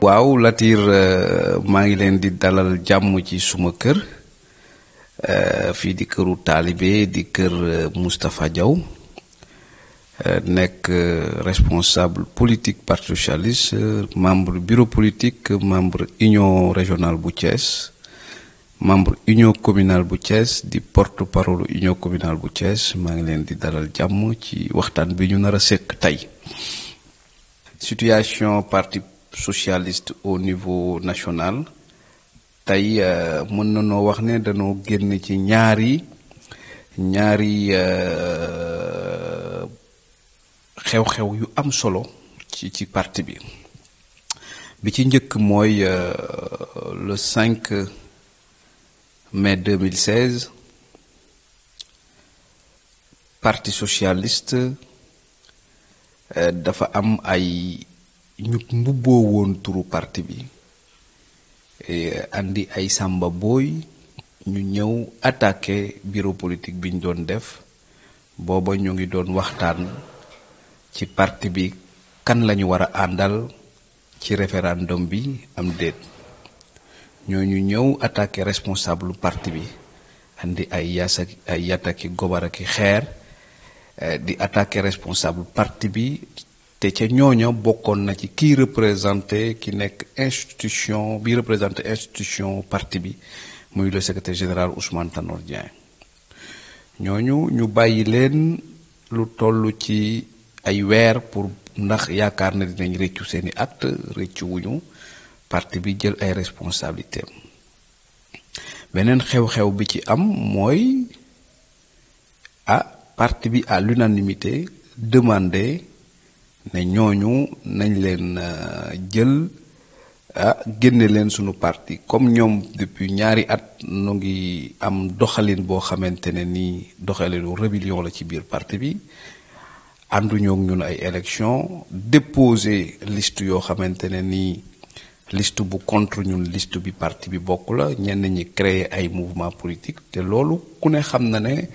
waaw Latir euh, maa ngi leen di dalal jàmm ci suma kër euh, fii di këru taalibe di kër euh, mustapha Diaw responsable politique parti socialiste membre bureau politique membre union régionale bu Thiès membre union communale bu Thiès di porte parole union communale bu Thiès maa ngi di dalal jàmm ci waxtaan bi situation parti socialiste au niveau national Tay, euh, mën nañoo wax de dañoo génn ci ñaari ñaari euh, xew-xew yu am solo ci ci parti bi bi ci euh, le 5 mai 2016 parti socialiste dafa am ay ñu mbubboo woon turu parti bi e, andi ay sàmba booy ñu ñëw attaqué bureau politique bi ñu doon def booba ñu ngi doon waxtaan ci parti bi kan lañu war a àndal ci référendum bi am déet ñooñu ñëw attaqué responsable parti bi indi ay yaasa ay yataki gobar aki xeer e, di attaqué responsable parti bi te ca ñooña bokkoon na ci qui représenté ki nekk institution bi représenté institution parti bi muy le secrétaire général Ousmane Tanor Dieng ñooñu ñu bàyyi leen lu toll ci ay weer pour ndax yaakaar na dinañ rëccu acte rëccu wuñu parti bi jël ay responsabilités beneen xew-xew bi ci am mooy ah parti bi à l'unanimité demandé ne ñooñu nañ leen euh, jël ah génne leen sunu parti comme ñoom depuis ñaari at nu ngi am doxalin boo xamante ne ni doxalinu rébellion la ci biir parti bi Andu ak ñun ay élection déposé liste yoo xamante ne ni liste bu contre ñun liste bi parti bi bokk la ñenn ñi créer ay mouvement politique te loolu ku ne xam na ne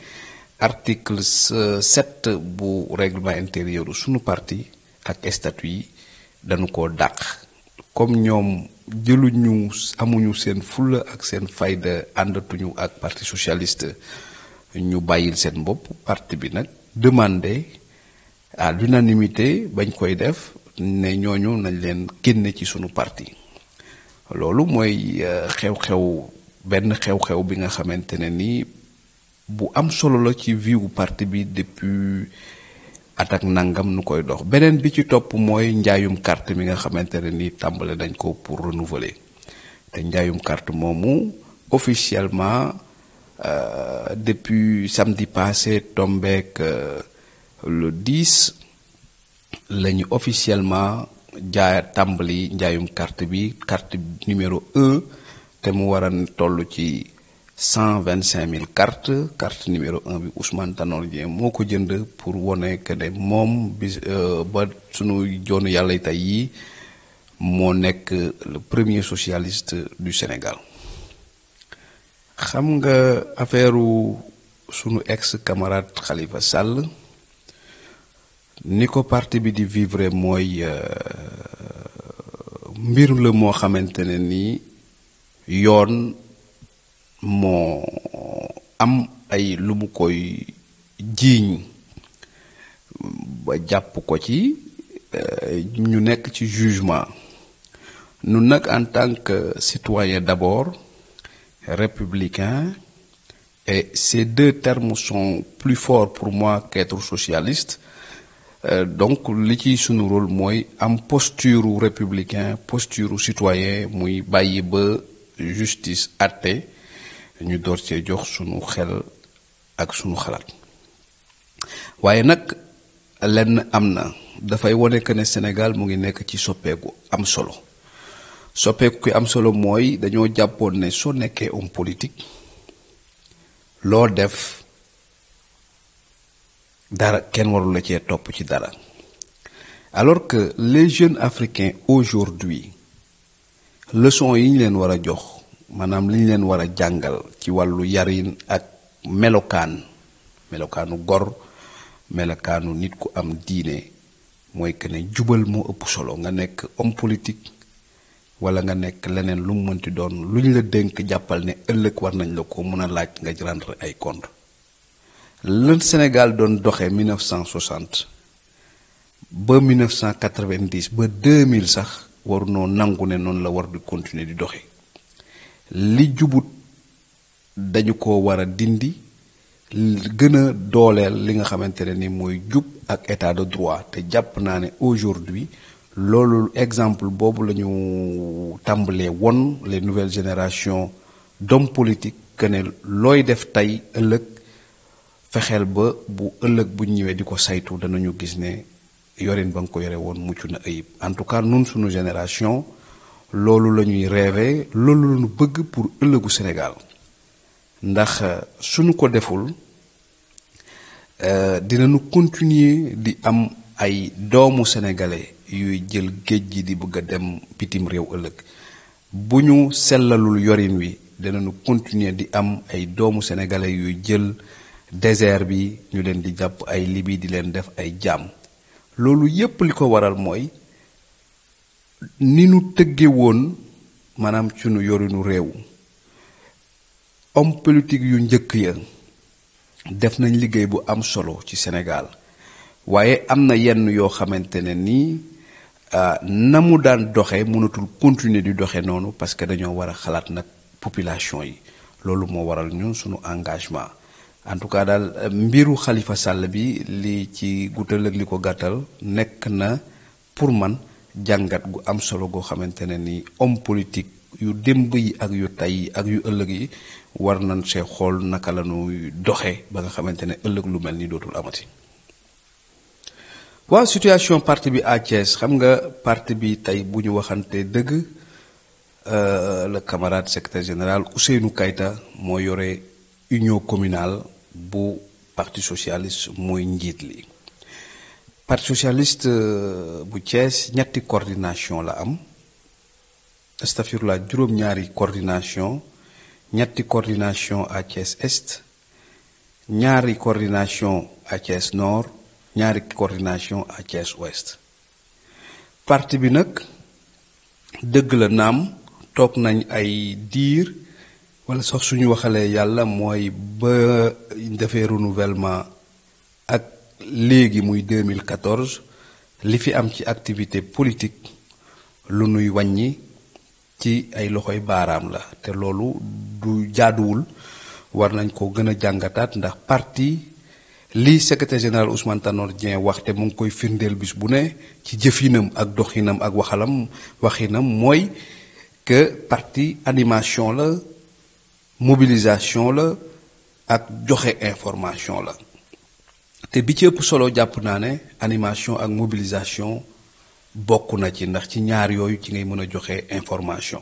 article 7 euh, bu règlement intérieur sunu parti ak statut yi dañu ko dàq comme ñoom jëluñu amuñu seen fulla ak seen fayda àndatuñu ak parti socialist ñu bàyyil seen bopp parti bi nag demande à l'unanimité bañ koy def ne ñooñu nañ leen génne ci suñu parti loolu mooy euh, xew-xew benn xew-xew bi nga xamante ne ni bu am solo la ci vie wu parti bi depuis atak nangam nu koy dox benen bi ci top moy njaayum carte mi nga xamantene ni tàmbale dañ ko pour renouveler te njaayum carte momu officiellement euh, depuis samedi passé tombé euh, le 10 lañu officiellement jaay tambali njaayum carte bi carte numéro 1 te mu waran tollu ci 125 000 cartes carte numéro 1 bi Ousmane Tanor moko jënd pour woné que ne mom euh, ba sunu joonu Yalla tay yi mo nek le premier socialiste du Sénégal xam nga affaire sunu ex camarade Khalifa Sall niko parti bi di vivre moy euh, mbir la mo xamante ni yone moo am ay lu mu koy ba jàpp ko euh, jugement Nous sommes en tant que citoyen d'abord républicain et ces deux termes sont plus forts pour moi qu'être socialiste euh, donc li ci sunu rôle mooy am posture républicain posture citoyen muy bàyyi ba justice atte ñu door cee jox sunu xel ak sunu xalaat waaye nag lenn am na dafay wone que ne Sénégal mu ngi nekk ci soppeeku am solo soppeeku ki am solo mooy dañoo jàppoon ne soo nekkee homme politique loo def dara kenn warul la cee topp ci dara alors que les jeunes africains aujourd'hui leçon yi ñu leen war a jox manam liñ leen war a jàngal ci wàllu yarin ak melokaan melokaanu gor melokaanu nit ku am diine mooy que ne jubal moo ëpp solo nga nekk homme politique wala nga nekk leneen lu mënti doon luñ la dénk jàppal ne ëllëg war nañ la ko mën a laaj nga rendre ay compte lan Sénégal doon doxee 1960 ba 1990 ba 2000 sax waru noo nangu ne noonu la war di continuer di doxee li jubut dañu ko war a dindi gën a dooleel li nga xamantene ni mooy jub ak état de droit te jàpp naa ne aujourd'hui loolu exemple boobu la ñu tàmbalee won les nouvelles générations d'hommes politiques que ne looy def tey ëllëg fexeel ba bu ëllëg bu ñëwee di ko saytu danañu gis ne yorin ba nga ko yore woon mucc na ayib en tout cas nun suñu génération loolu lañuy ñuy loolu la bëgg pour ëllëgu Sénégal ndax euh, suñu ko deful euh, dinañu continuer di am ay doomu sénégalais yuy jël géej gi di bëgg a dem bitim réew ëllëg bu ñu sellalul yorin wi dinañu continuer di am ay doomu sénégalais yuy jël désert bi ñu leen di jàpp ay libi di leen def ay jaam loolu yépp li ko waral mooy ni nu tëgge woon maanaam ci nu yorinu réew homme politique yu njëkk ya def nañ liggéey bu am solo ci Sénégal waaye am na yenn yoo xamante ne nii ah, na mu daan doxe mënatul continuer di doxe noonu parce que dañoo war a xalaat nag population yi loolu moo waral ñun suñu engagement en tout cas daal mbiru Khalifa Sall bi li ci guddal ak li ko gàttal nekk na pour man jàngat gu am solo goo xamante ne ni homme politique yu démb yi ak yu tey yi ak yu ëllëg yi war nañ see xool naka la ñuy doxee ba nga xamante ne ëllëg lu mel ni dootul amati. waa situation parti bi à xam nga parti bi tey bu ñu waxante dëgg euh, le camarade secretaire général Ousseynou Kayta moo yore union communale bu parti socialist mooy njiit li. parti socialiste euh, bu Thiès ñetti coordination la am astafirla juróom-ñaari coordination ñetti coordination à Thiès Est ñaari coordination à Thiès Nord ñaari coordination à Thiès Ouest parti bi nag dëgg la naam toog nañ ay diir wala sax suñu waxalee yàlla mooy ba defee renouvellement léegi muy 2014 li fi am ci activité politique lu nuy wàññi ci ay loxoy baaraam la te loolu du jaaduwul war nañ ko gën a jàngataat ndax parti lii secrétaire général Ousmane Tanor dien wax te mu ngi koy firndeel bis bu ne ci jëfinam ak doxinam ak waxalam waxinam mooy que parti animation la mobilisation la ak joxe information la te bi ci ëpp solo jàpp naa ne animation ak mobilisation bokk na ci ndax ci ñaar yooyu ci ngay mën a joxe information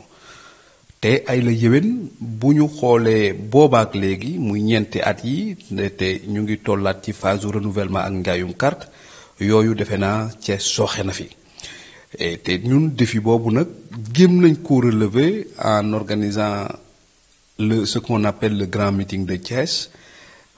te ay la yéwén bu ñu xoolee boobaak léegi muy ñeenti at yi te ñu ngi tollaat ci phase renouvellement ak njaayum carte yooyu defe naa cee sooxe na fi te ñun défi boobu nag gém nañ ko relever en organisant le ce qu'on appelle le grand meeting de Thiès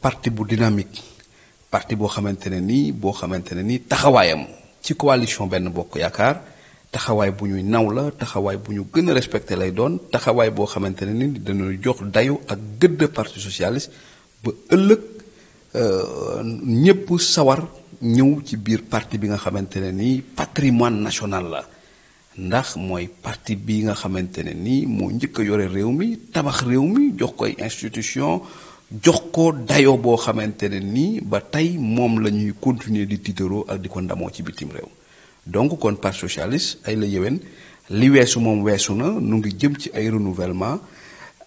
parti bu dynamique parti boo xamante ne nii boo xamante ne nii taxawaayam ci coalition benn bokk yaakaar taxawaay bu ñuy naw la taxawaay bu ñu gën a respecté lay doon taxawaay boo xamante ne ni dañuy jox dayu ak gëdd parti socialiste ba ëllëg euh, ñépp sawar ñëw ci biir parti bi nga xamante ne nii patrimoine national la ndax mooy parti bi nga xamante ne nii moo njëkk a yore réew mi tabax réew mi jox koy institution jox ko dayo boo xamante ne nii ba tey moom la ñuy continuer di tiitaroo ak di ko ndamoo ci bitim réew donc kon parti socialiste ay la yéwén li weesu moom weesu na nu ngi jëm ci ay renouvellement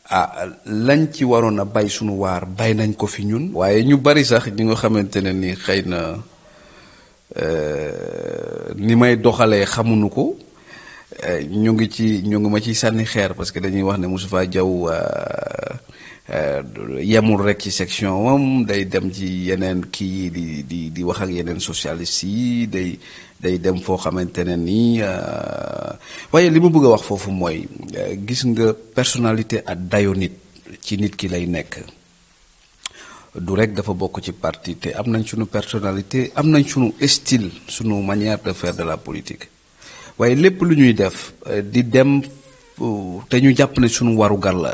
ah, lañ ci waroon a bay sunu waar bay nañ ko fi ñun. waaye ñu bari sax ñi nga xamante ne nii xëy na euh, ni may doxalee xamuñu ko euh, ñu ngi ci ñu ngi ma ciy sànni xeer parce que dañuy wax ne Moustapha Diaw. Euh, Euh, yemul rek ci section wam day dem ci yeneen kii di di di wax ak yeneen socialiste yi day day dem foo xamante ne nii euh, waaye li mu bëgg a wax foofu mooy euh, gis nga personnalité ak dayo nit ci nit ki lay nekk du rek dafa bokk ci parti te am nañ suñu personalité am nañ suñu style suñu manière de de la politique waaye lépp lu ñuy def di dem te ñu jàpp ne suñu warugar la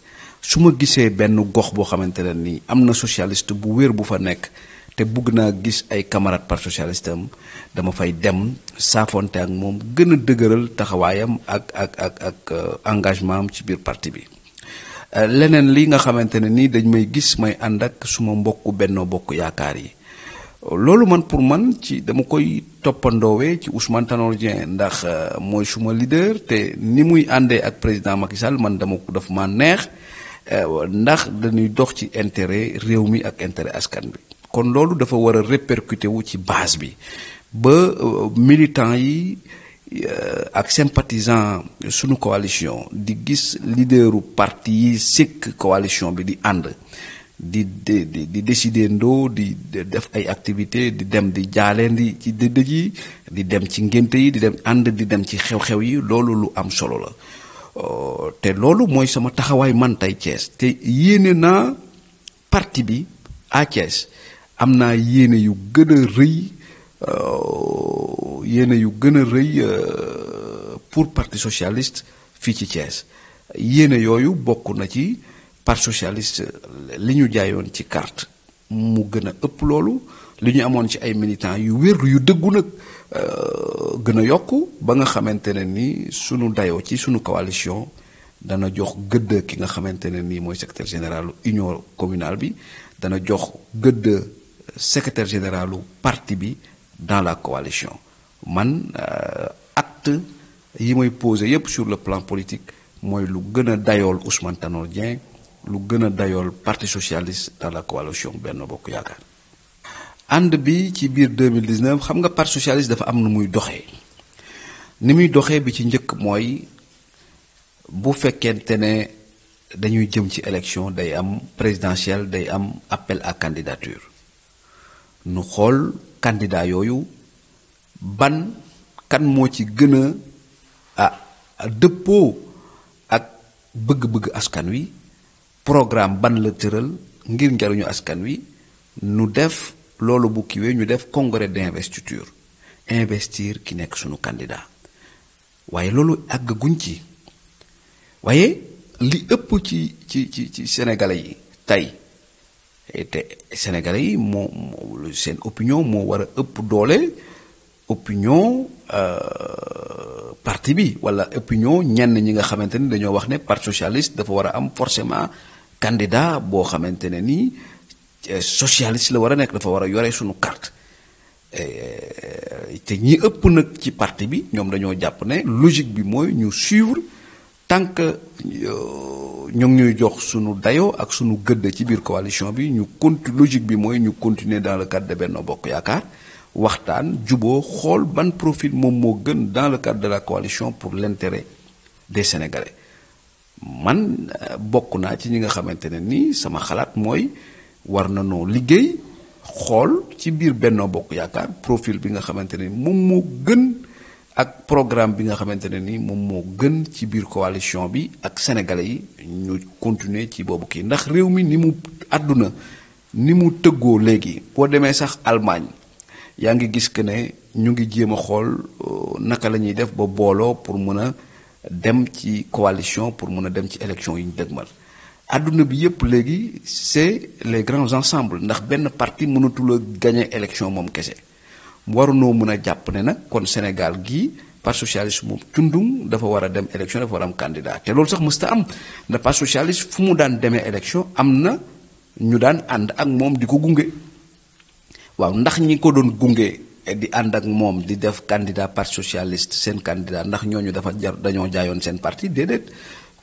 su ma gisee benn gox boo xamante ne nii am na socialiste bu wér bu fa nekk te bugg naa gis ay camarades par socialiste am dama fay dem saafonte ak moom gën a dëgëral taxawaayam ak ak ak ak euh, engagement am ci biir parti bi euh, leneen li nga xamante ne nii dañ may gis may ànd ak suma mbokku Benno Bokk Yaakaar yi loolu man pour man ci dama koy toppandoowee ci Ousmane Tanor Dieng ndax euh, mooy suma leader te ni muy àndee ak président Macky Sall man dama ko daf ma neex Euh, ndax dañuy dox ci intérêt réew mi ak intérêt askan bi kon loolu dafa war a répercuté wu ci base bi ba euh, militant yi euh, ak sympathisant suñu coalition di gis leaderu parti yi sikk coalition bi di ànd di di di décider ndoo di def ay activité di dem di jaalendi ci dëj yi di dem ci ngénte yi di dem ànd di dem ci xew-xew yi loolu lu am solo la Euh, te loolu mooy sama taxawaay man tey Thiès te yéene naa parti bi à Thiès am naa yéene yu gën a rëy euh, yéene yu gën a rëy euh, pour parti socialiste fii ci Thiès yéene yooyu bokk na ci parti socialiste li ñu jaayoon ci carte mu gën a ëpp loolu li ñu amoon ci ay militants yu wér yu dëggu nag gën a ba coalition dana jox gëdd ki nga secrétaire général union communale bi secrétaire parti bi dans la coalition man euh, acte yi may posé sur le plan politique mooy lu Ousmane Tanor Dieng lu parti socialiste dans la coalition ben Bokk ànd bi ci biir 2019 xam nga parti socialiste dafa am na muy doxe ni muy doxee bi ci njëkk mooy bu fekkente ne dañuy jëm ci élection day am présidentielle day am appel à candidature nu xool candidat yooyu ban kan moo ci gën a ah dëppoo ak bëgg-bëgg askan wi programme ban la tëral ngir njariñu askan wi nu def loolu bu kiwee ñu def congrès d'investiture investir ki nekk sunu candidat waaye loolu àgg guñ ci waaye li ëpp ci ci ci ci sénégalais yi tey te sénégalais yi moo seen opinion moo war a ëpp doole opinion euh, parti bi wala opinion ñenn ñi nga xamante ni dañoo wax ne parti socialiste dafa war a am forcément candidat boo xamante ne nii. Euh, socialiste la war a nekk dafa war a yore suñu carte euh, te ñi ëpp nag ci partie bi ñoom dañoo jàpp ne logique bi mooy ñu suivre tant que euh, ñoo ngi ñuy jox suñu dayoo ak suñu gëdd ci biir coalition bi ñu conti logique bi mooy ñu continuer dans le cadre de Benno Bokk Yaakaar waxtaan juboo xool ban profil moom moo gën dans le cadre de la coalition pour l'intérêt des Sénégalais man bokk naa ci ñi nga xamante ne nii sama xalaat mooy war na noo liggéey xool ci biir Benno Bokk Yaakaar profil bi nga xamante ne moom moo gën ak programme bi nga xamante ne ni moom moo gën ci biir coalition bi ak sénégalais yi ñu continuer ci boobu kii ndax réew mi ni mu àdduna ni mu tëggoo léegi boo demee sax Allemagne yaa ngi gis que ne ñu ngi jéem a xool euh, naka la ñuy def ba booloo pour mën a dem ci coalition pour mën a dem ci élection yi ñu dëgmal àdduna bi yëpp léegi c'est les grands ensembles ndax benn parti mënatula gagner élection moom kese noo mën a jàpp ne nag kon Sénégal gii parti socialiste moom cundum dafa war a dem élection dafa war a am candidat te loolu sax mësta am ndax parti socialiste fu mu daan demee élection am na ñu daan ànd ak moom di ko gunge waaw ndax ñi ko doon gunge di ànd ak moom di def candidat parti socialiste seen candidat ndax ñooñu dafa jar dañoo jaayoon seen parti déedéet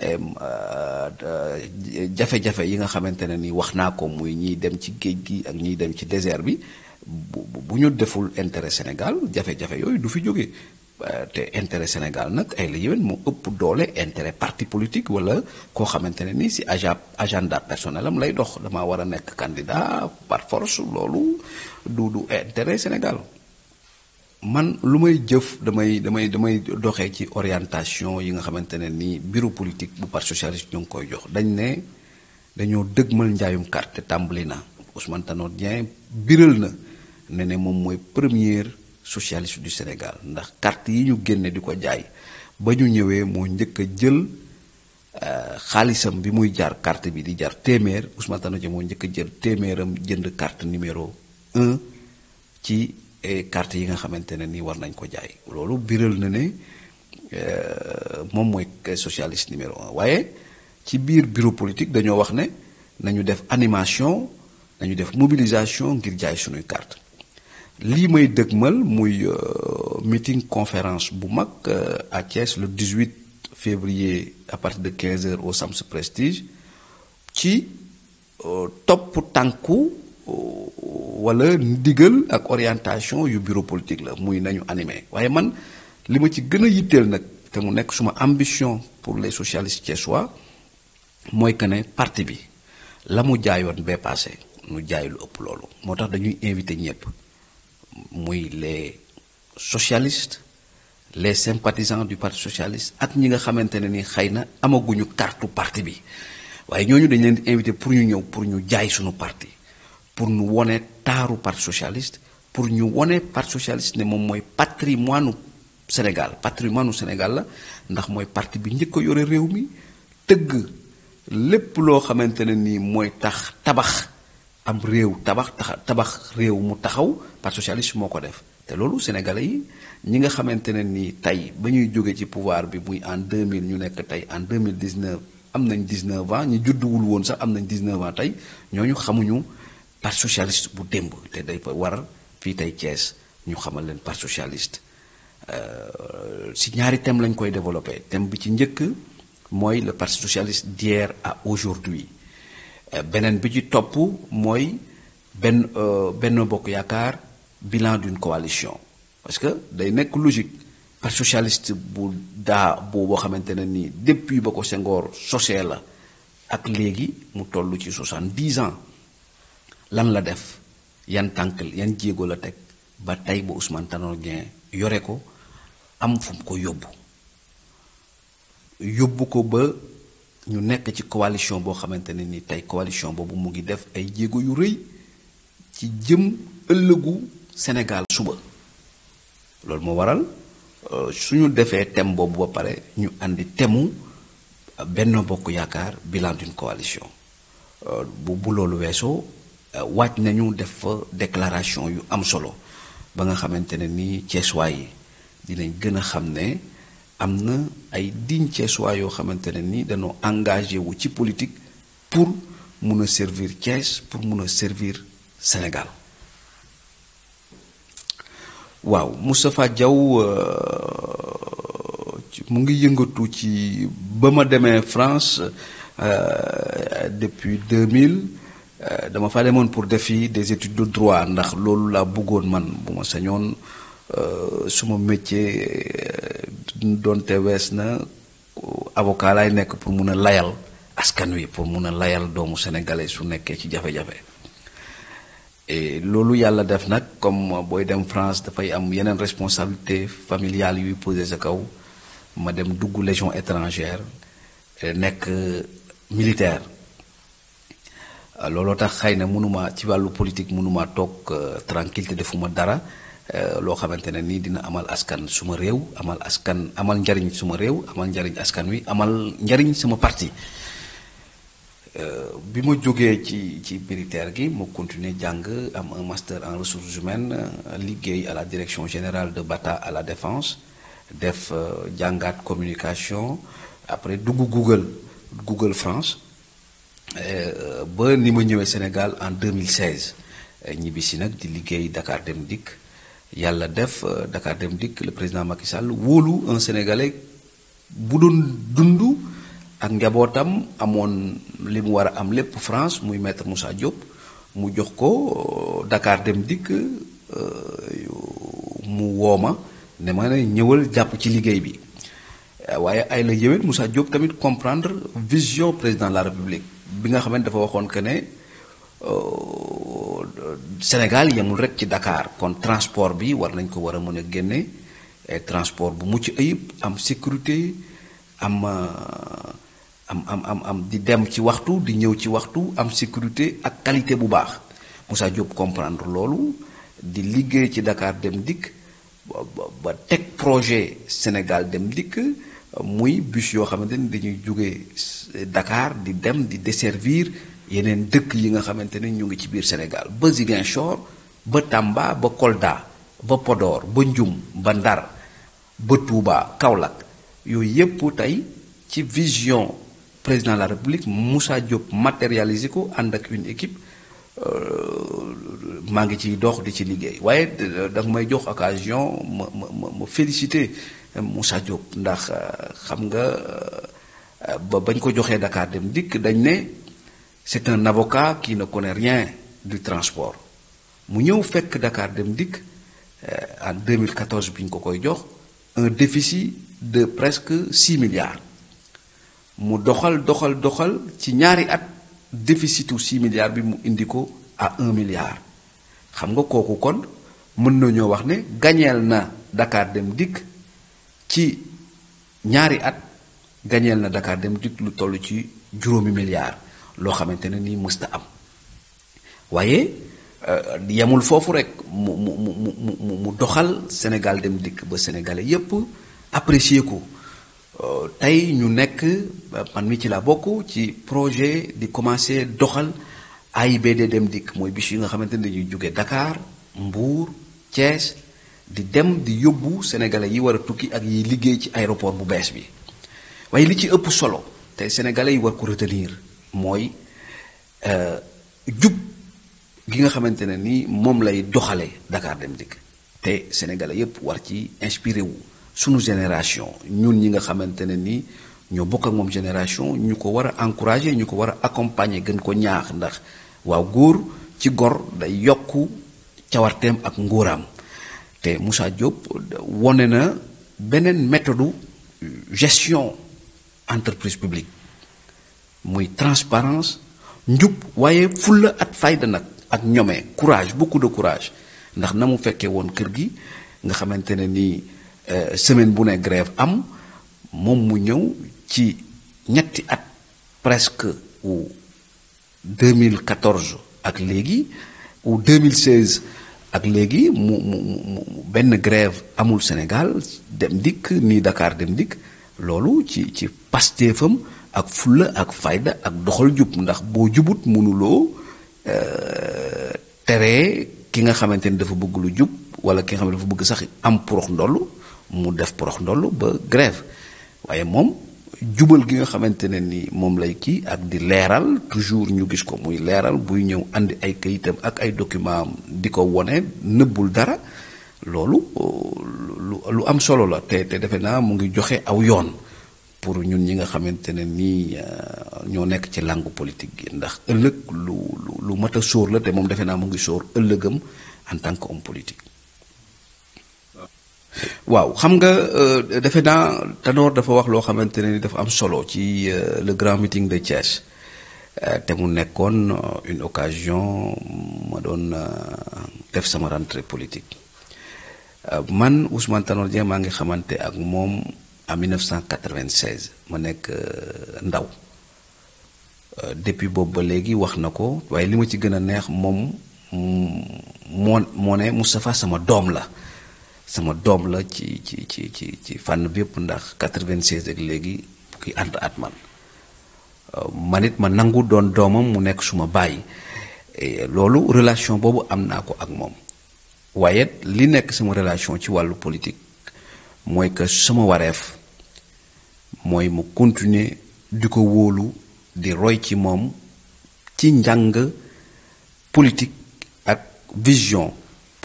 Euh, euh, jafe-jafe yi nga xamante ne ni wax naa ko muy ñiy dem ci géej gi ak ñiy dem ci désert bi bu ñu deful intérêt Sénégal jafe-jafe yooyu du fi jóge euh, te intérêt Sénégal nag ay la yéwén moo ëpp doole intérêt parti politique wala koo xamante ne ni si agenda agenda personnel am lay dox dama war a nekk candidat par force loolu du du intérêt Sénégal man lu may jëf damay damay damay doxee ci orientation yi nga xamante ne nii bureau politique bu parti socialiste ñu ngi koy jox dañ ne dañoo dëgmal njaayum carte tàmbali na Ousmane Tanor biral na ne ne moom mooy première socialiste du Sénégal ndax carte yi ñu génne di ko jaay ba ñu ñëwee moo njëkk a jël euh, xaalisam bi muy jaar carte bi di jaar téeméer Ousmane Tanor Dieng moo njëkk a jël téeméeram jënd carte numéro un ci et carte yi nga xamantene ni war nañ ko jaay loolu biral na ne euh, moom mooy socialiste numéro un waaye ci biir bureau politique dañoo wax ne nañu def animation nañu def mobilisation ngir jaay suñuy carte lii may dëgmal muy euh, meeting conférence bu mag euh, à Thiès le 18 février à partir de 15 h au Sams Prestige ci top tànku wala ndigal ak orientation yu bureau politique la muy nañu animé waaye man li ma ci gën a yitteel nag te suma ambition pour les socialistes thiessois mooy que ne parti bi la mu jaayoon bee passé nu jaay lu ëpp loolu moo tax dañuy invité ñëpp muy les socialistes les sympathisants du parti socialiste at ñi nga xamante ne ni na amaguñu carte parti bi waaye ñooñu dañ leen di invité pour ñu ñëw pour ñu jaay suñu parti pour ñu wone taaru parti socialiste pour ñu wone parti socialiste ne moom mooy patrimoine Sénégal patrimoine Sénégal la ndax mooy partie bi njëkk a yore réew mi tëgg lépp loo xamante ne nii mooy tax tabax am réew tabax tabax réew mu taxaw parti socialiste moo ko def te loolu sénégalais yi ñi nga xamante ne nii tey ba ñuy jóge ci pouvoir bi muy en mille ñu nekk tey en mille 2019 am nañ 19 ans ñu judduwul woon sax am nañ 19 ans tey ñooñu xamuñu. Par socialiste bu démb day war ñu xamal leen parti socialiste euh, si ñaari thème lañ le parti socialiste d'hier à aujourd'hui euh, beneen bi ci euh, bilan d'une coalition parce que day nekk logique parti socialiste bu daa depuis ba ko ak ans lan la def yan tànk yan jéego la teg ba tey ba Ousmane Tanor yore ko am fu ko yóbbu yóbbu ko ba ñu nekk ci coalition boo xamante ne ni tey coalition boobu mu ngi def ay jéego yu rëy ci jëm ëllëgu Sénégal suba loolu moo waral euh, suñu defee thème boobu ba pare ñu indi temu benn Bokk Yaakaar bilan d'une coalition euh, bu bu weesoo Euh, wacc nañu def fa déclaration yu am solo ba nga xamantene ni ceesuwaay yi dinañ gën a xam ne am na ay digne ceesuwaay yoo xamantene ni dañoo engagé wu ci politique pour mun a servir Thiès pour mun a servir Sénégal waaw Moustapha Diaw euh, mu ngi yëngatu ci ba ma demee France euh, depuis 2000. Euh, dama fa demone pour défi des études de droit ndax loolu la bëggone man buma sañone euh suma métier euh, donté wees na avocat laay nek pour mëna layal askan wi pour mëna layal doomu sénégalais su nekkee ci jafé jafé et loolu yalla def nak comme boy dem France fay am yeneen responsabilité familiale yuy posé sa kaw ma dem dugg légion étrangère nek militaire. looloo tax xëy na mënuma ci wàllu politique mënuma toog euh, tranquille te defuma dara euh, loo xamante ne nii dina amal askan suma réew amal askan amal njariñ suma réew amal njariñ askan wi amal njariñ suma parti euh, bi ma jógee ci ci militaire gi ma continuer jàng am un master en ressources humaines liggéey à la direction général de Bata à la défense def jàngaat communication après dugg Google Google France Euh, ba ni ma ñëwee Sénégal en 2016 euh, si nag di liggéey Dakar Dem Dikk yàlla def euh, Dakar Dem le président Macky Sall wóolu un Sénégalais bu doon dund ak njabootam amoon li mu am lépp France muy maître Moussa Diop mu jox ko Dakar Dem Dikk mu wooma ne ma ne ñëwal jàpp ci liggéey bi waaye ay la Moussa Diop tamit comprendre vision président de la République bi nga xamante dafa waxoon que ne euh, Sénégal yemul rek ci dakaar kon transport bi war nañ ko war a mën a génne transport bu mucc ayib am sécurité am euh, am am am am di dem ci waxtu di ñëw ci waxtu am sécurité ak qualité bu baax Moussa Diop comprendre loolu di liggéey ci dakaar dem dikk ba teg projet Sénégal dem dikk muy bus Dakar di desservir yeneen dëkk yi nga Sénégal ba Ziguinchor ba Tamba ba Kolda ba Podor ba Njum ba Touba vision président de la République Moussa Diop matérialiser ko une équipe euh, maa ngi dox di ci euh, occasion féliciter Moussa Diop ndax euh, xam nga euh, euh, ba bañ ko joxé dakar dem dik dañ né c'est un avocat qui ne connaît rien du transport mu ñëw fekk dakar dem dik en 2014 biñ ko koy jox un déficit de presque 6 milliards mu doxal doxal doxal ci ñaari at déficitu 6 milliards bi mu indi ko à 1 milliard xam nga koku kon mën nañu wax ne gagnel na dakar dem dik ci ñaari at gañeel na Dakar dem dik lu toll ci juróomi milliards loo xamante ne nii mësta am waaye euh, yemul foofu rek mu mu mu mu doxal Sénégal dem dikk ba sénégalais yépp apprécier ko euh, tey ñu nekk man mi ci laa bokk ci projet di commencer doxal AIBD dem dikk mooy bis yi nga xamante ne dañuy jóge Dakar Mbour Thiès di dem di yóbbu sénégalais yi war a tukki ak yiy liggéey ci aéroport bu bees bi waaye li ci ëpp solo te sénégalais yi war ko retenir mooy euh, jub gi nga xamante ne ni moom lay doxale Dakar Dem Dikk te sénégalais yépp war ci inspiré wu sunu génération ñun ñi nga xamante ne ni ñoo bokk ak moom génération ñu ko war a encourager ñu ko war a accompagner gën ko ñaax ndax waaw góor ci gor day yokk cawarteem ak ngóoraam te Moussa Diop wone na beneen méthode gestion entreprise publique muy transparence njub waaye full at fayda nak ak ñomé courage beaucoup de courage ndax na mu fekkee woon kër gi nga xamante ni euh, semaine bu né grève am mom mu ñew ci ñetti at presque ou 2014 ak légui ou 2016 ak léegi mu mu mu benn grève amul Sénégal dem dikk nii Dakar dem dikk loolu ci ci pasteefam ak fulla ak fayda ak doxal jub ndax boo jubut mënuloo euh, tere ki nga xamante ni dafa bëgg lu jub wala ki nga xamante dafa bëgg sax am porox ndoll mu def porox ndoll ba grève waaye moom jubal gi nga xamante ne nii moom lay kii ak di leeral toujours ñu gis ko muy leeral buy ñëw andi ay kayitam ak ay document am di ko wone nëbbul dara loolu euh, lu am solo la te defe naa mu ngi joxe aw yoon pour ñun ñi nga xamante ne nii euh, ñoo nekk ci langue politique gi ndax ëllëg lu lu lu mat a sóor la te moom defe naa mu ngi sóor ëllëgëm en tant que homme politique. waaw xam nga euh, defe naa Tanor dafa wax loo xamante ne ni dafa am solo ci euh, le grand meeting de Thiès euh, te mu nekkoon une occasion ma doon def sama rentrée politique man Ousmane Tanor Dieng maa ngi xamante ak moom en 1996 ma nekk ndaw depuis boobu ba léegi wax na ko waaye li ma ci gën a neex moom mm, moo moo ne Moustapha sama doom la sama doom la ci ci ci ci ci fànn bépp ndax 96 ak léegi ki ànd at man euh, man ma nangu doon doomam mu nekk suma bàyyi loolu relation boobu am naa ko ak moom waaye li nekk sama relation ci wàllu politique mooy que sama wareef mooy mu continuer di ko wóolu di roy ci moom ci njàng politique ak vision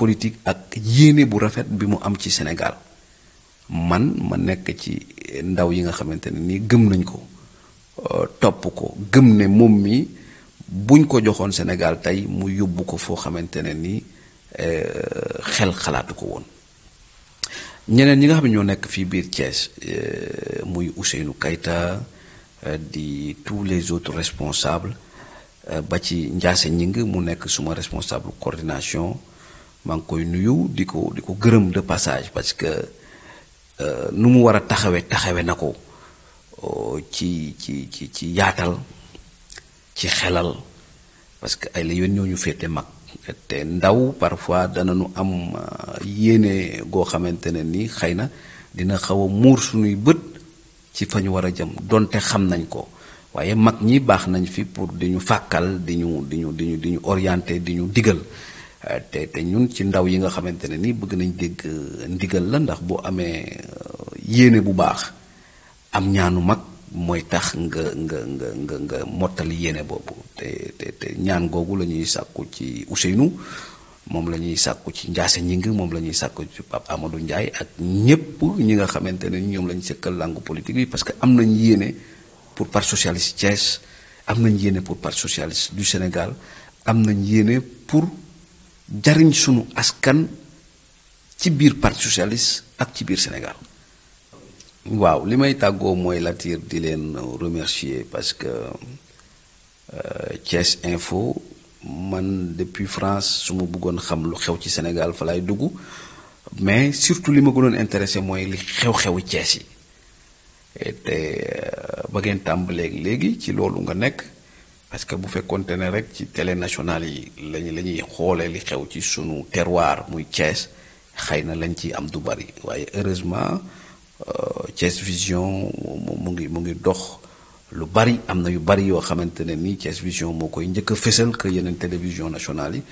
politique ak yéene bu rafet bi mu am ci Sénégal man ma nekk ci ndaw yi nga xamante nii gëm nañ ko euh, topp ko gëm ne moom mii buñ ko joxoon Sénégal tey mu yóbbu ko foo xamante ne nii euh, xel xalaatu ko woon ñeneen ñi nga xam ne ñoo nekk fii biir Thiès euh, muy Ousseynou Kayta di tous les autres responsables ba ci Ndiasse ñing mu nekk suma responsable coordination maa ngi koy nuyu di ko di ko gërëm de passage parce que euh, nu mu war a taxawe taxawe na ko euh, ci ci ci ci yaatal ci xelal parce que ay la yoon ñoo ñu féete mag te ndaw parfois danañu am euh, yéene goo xamante ne ni xëy na dina xaw a muur suñuy bët ci fa ñu war a jëm donte xam nañ ko waaye mag ñi baax nañ fi pour di ñu fàkkal di ñu di ñu di ñu di ñu orienté digal te te ñun ci ndaw yi nga xamante ne ni bëgg nañ dégg euh, ndigal la ndax boo amee euh, yéene bu baax am ñaanu mag mooy tax nga nga nga nga nga yéene boobu te te te ñaan googu la ñuy sàkku ci Ousseynou moom la ñuy sàkku ci Ndiasse Gningue moom la ñuy sàkku ci pap Amadou njaay ak ñépp ñi nga xamante ne ñoom lañ sëkkal langue politique yi parce que am nañ yéene pour parti socialiste Thiès am nañ yéene pour parti socialiste du Sénégal am nañ yéene pour jariñ sunu askan ci biir parti socialiste ak ci biir sénégal waaw li may tàggoo mooy latir di leen remercier parce que euh, Thiès euh, info man depuis france su ma bëggoon xam lu xew ci sénégal fa lay dugg mais surtout li ma gënoon intéressé mooy li xew-xewi Thiès yi te euh, ba ngeen tàmbaleeg léegi ci loolu nga nekk parce que bu fekkoonte ne rek ci télé nationale yi lañu la ñuy xoolee li xew ci sunu terroir muy Thiès xëy na lañ ci am du bari waaye heureusement euh, Thiès Vision mu ngi mu ngi dox lu bari am na yu bari yoo xamante ne nii Thiès Vision moo koy njëkk a fësal que yeneen télévision nationale yi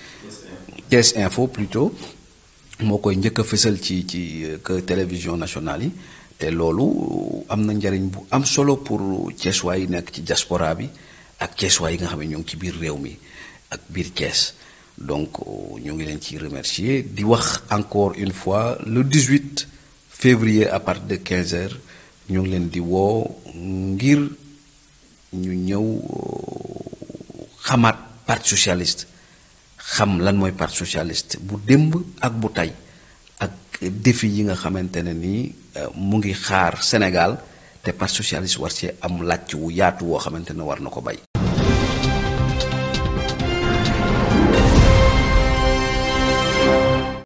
Thiès Info plutôt moo koy njëkk a fësal ci ci que télévision nationale yi te loolu am na njariñ bu am solo pour Thiès waay nekk ci diaspora bi ak Thiessois yi nga xam ne ñu ngi ci biir réew mi ak biir donc ñu ngi leen ci remercier di wax encore une fois le 18 février à partir de 15 heures ñu ngi leen di woo ngir ñu ñëw euh, xamaat parti socialiste xam lan mooy parti socialiste bu démb ak bu tey ak défi yi nga xamantene ni euh, mu ngi xaar Sénégal te parti socialiste war ci am làcc wu yaatu woo xamante ne war na ko bay